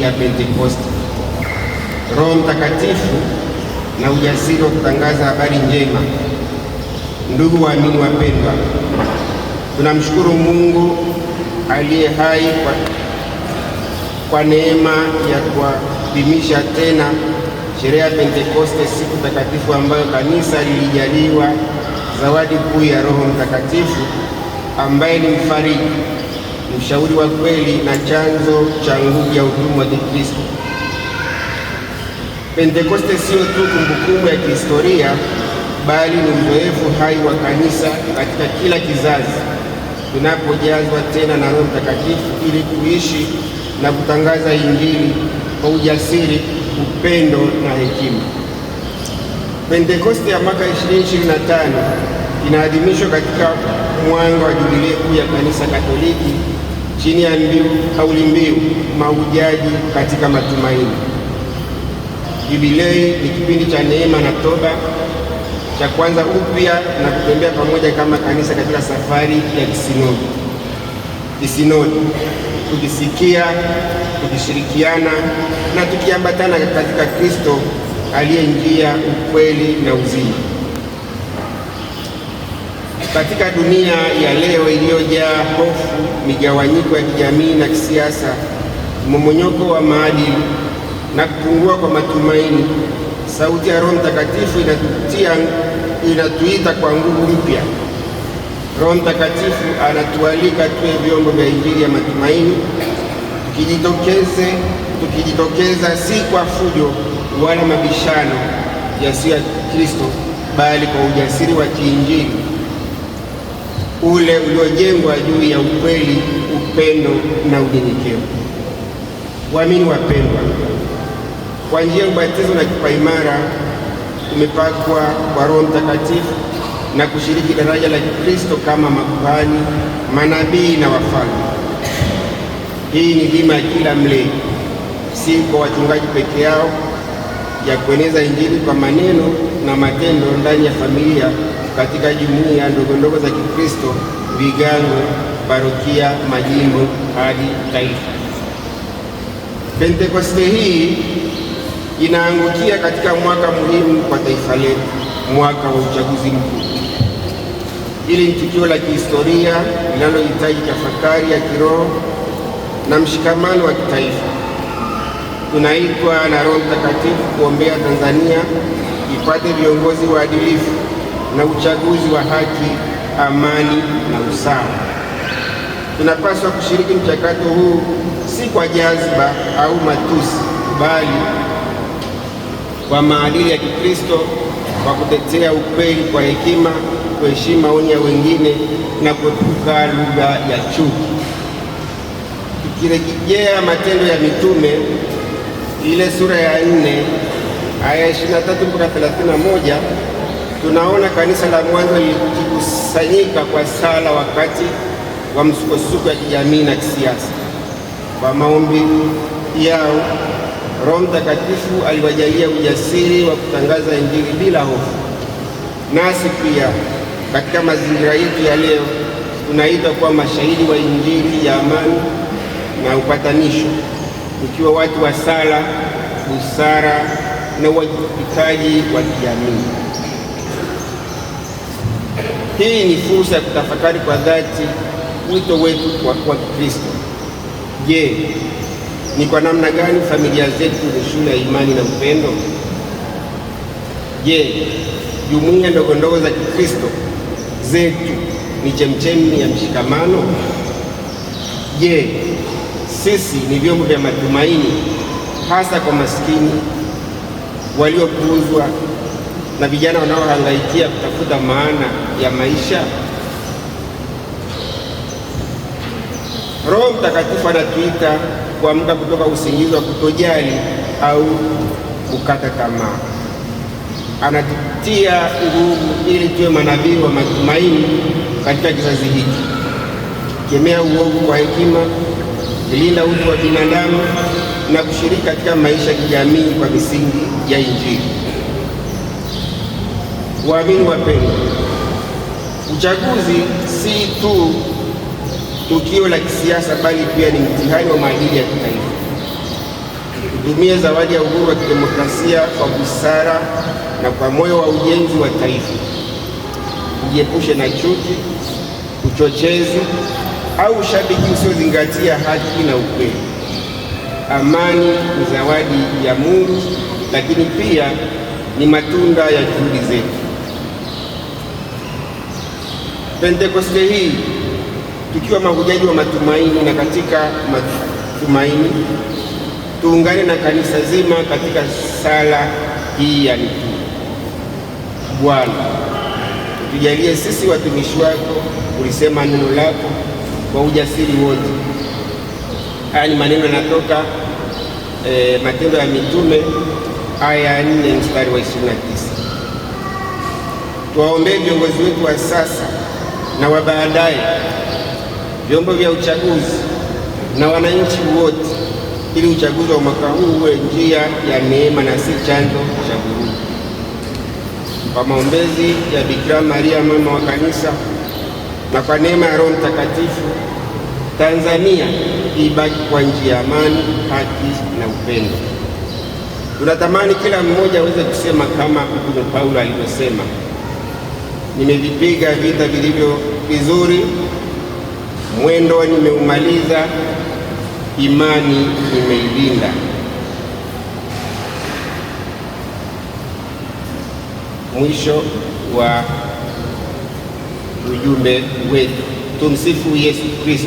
ya Pentekoste, Roho Mtakatifu na ujasiri wa kutangaza habari njema. Ndugu waamini wapendwa, tunamshukuru Mungu aliye hai kwa, kwa neema ya kuadhimisha tena sherehe ya Pentekoste, siku takatifu ambayo kanisa lilijaliwa zawadi kuu ya Roho Mtakatifu ambaye ni mfariji mshauri wa kweli na chanzo cha nguvu ya utume wa Kikristo. Pentekoste sio tu kumbukumbu ya kihistoria, bali ni uzoefu hai wa kanisa katika kila kizazi, tunapojazwa tena na Roho Mtakatifu ili kuishi na kutangaza Injili kwa ujasiri, upendo na hekima. Pentekoste ya mwaka 2025 inaadhimishwa katika mwanga wa Jubilee kuu ya Kanisa Katoliki chini ya mbiu kauli mbiu mahujaji katika matumaini. Jubilei ni kipindi cha neema na toba cha kwanza upya na kutembea pamoja kama kanisa katika safari ya kisinodi. Kisinodi tukisikia, tukishirikiana na tukiambatana katika Kristo aliye njia, ukweli na uzima. Katika dunia ya leo iliyojaa hofu, migawanyiko ya kijamii na kisiasa, mmomonyoko wa maadili na kupungua kwa matumaini, sauti ya Roho Mtakatifu inatutia inatuita kwa nguvu mpya. Roho Mtakatifu anatualika tuwe vyombo vya Injili ya matumaini, tukijitokeze tukijitokeza si kwa fujo wala mabishano yasiyo ya Kristo, bali kwa ujasiri wa kiinjili ule uliojengwa juu ya ukweli, upendo na unyenyekevu. Waamini wapendwa, kwa njia ya ubatizo na kipaimara umepakwa kwa Roho Mtakatifu na kushiriki daraja la Kikristo kama makuhani, manabii na wafalme. Hii ni dhima ya kila mlei, si kwa wachungaji peke yao ya kueneza Injili kwa maneno na matendo ndani ya familia, katika jumuiya ndogondogo za Kikristo, vigango, parokia, majimbo hadi taifa. Pentekoste hii inaangukia katika mwaka muhimu kwa taifa letu, mwaka wa uchaguzi mkuu. Ili ni tukio la kihistoria linalohitaji tafakari ya kiroho na mshikamano wa kitaifa tunaitwa na Roho Mtakatifu kuombea Tanzania ipate viongozi waadilifu na uchaguzi wa haki, amani na usawa. Tunapaswa kushiriki mchakato huu si kwa jazba au matusi, bali kwa maadili ya Kikristo, kwa kutetea ukweli kwa hekima, kuheshimu maoni ya wengine na kuepuka lugha ya chuki. Tukirejea matendo ya mitume ile sura ya nne aya 23 mpaka 31, tunaona kanisa la mwanzo lilikusanyika kwa sala wakati wa msukosuko ya kijamii na kisiasa. Kwa maombi yao, Roho Mtakatifu aliwajalia ujasiri wa kutangaza Injili bila hofu. Nasi pia katika mazingira yetu ya leo tunaitwa kuwa mashahidi wa Injili ya amani na upatanisho ukiwa watu wa sala, busara na uwajibikaji wa kijamii. Hii ni fursa ya kutafakari kwa dhati wito wetu kwa kristo Je, ni kwa namna gani familia zetu ni shule ya imani na upendo? Je, jumuiya ndogondogo za Kikristo zetu ni chemchemi ya mshikamano? Je, sisi ni vyombo vya matumaini, hasa kwa maskini, waliopuuzwa na vijana wanaohangaikia kutafuta maana ya maisha. Roho Mtakatifu anatuita kuamka kutoka usingizi wa kutojali au kukata tamaa. Anatutia nguvu ili tuwe manabii wa matumaini katika kizazi hiki, kemea uovu kwa hekima kulinda utu wa binadamu na kushiriki katika maisha ya kijamii kwa misingi ya Injili. Waamini wapendwa, uchaguzi si tu tukio la kisiasa, bali pia ni mtihani wa maadili ya kitaifa. Tutumie zawadi ya uhuru wa kidemokrasia kwa busara na kwa moyo wa ujenzi wa taifa. Tujiepushe na chuki, uchochezi au ushabiki usiozingatia haki na ukweli. Amani ni zawadi ya Mungu, lakini pia ni matunda ya juhudi zetu. Pentekoste hii tukiwa mahujaji wa matumaini, na katika matumaini tuungane na kanisa zima katika sala hii ya liturujia. Bwana, tujalie sisi watumishi wako kulisema neno lako kwa ujasiri wote. Haya ni maneno yanatoka e, Matendo ya Mitume aya ya nne mstari wa 29. Tuwaombee viongozi wetu wa sasa na wa baadaye, vyombo vya uchaguzi na wananchi wote, ili uchaguzi wa mwaka huu uwe njia ya neema na si chanzo cha vurugu. Kwa maombezi ya Bikira Maria mama wa kanisa na kwa neema ya Roho Mtakatifu Tanzania ibaki kwa njia ya amani, haki na upendo. Tunatamani kila mmoja aweze kusema kama Mtume Paulo alivyosema, nimevipiga vita vilivyo vizuri, mwendo nimeumaliza, imani nimeilinda. Mwisho wa ujumbe wetu. Tumsifu Yesu Kristo.